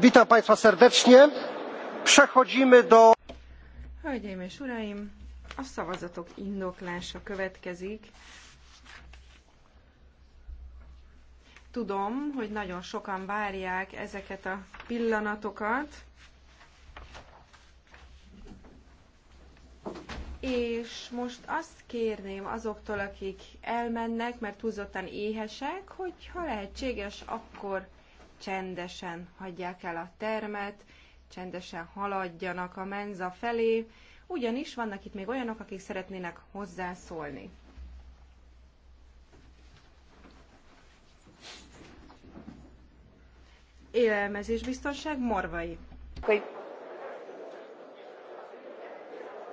witam państwa serdecznie. przechodzimy do. hölgyeim és uraim a szavazatok indoklása következik. Tudom, hogy nagyon sokan várják ezeket a pillanatokat, és most azt kérném azoktól, akik elmennek, mert túlzottan éhesek, hogy ha lehetséges, akkor csendesen hagyják el a termet, csendesen haladjanak a menza felé, ugyanis vannak itt még olyanok, akik szeretnének hozzászólni. biztonság morvai.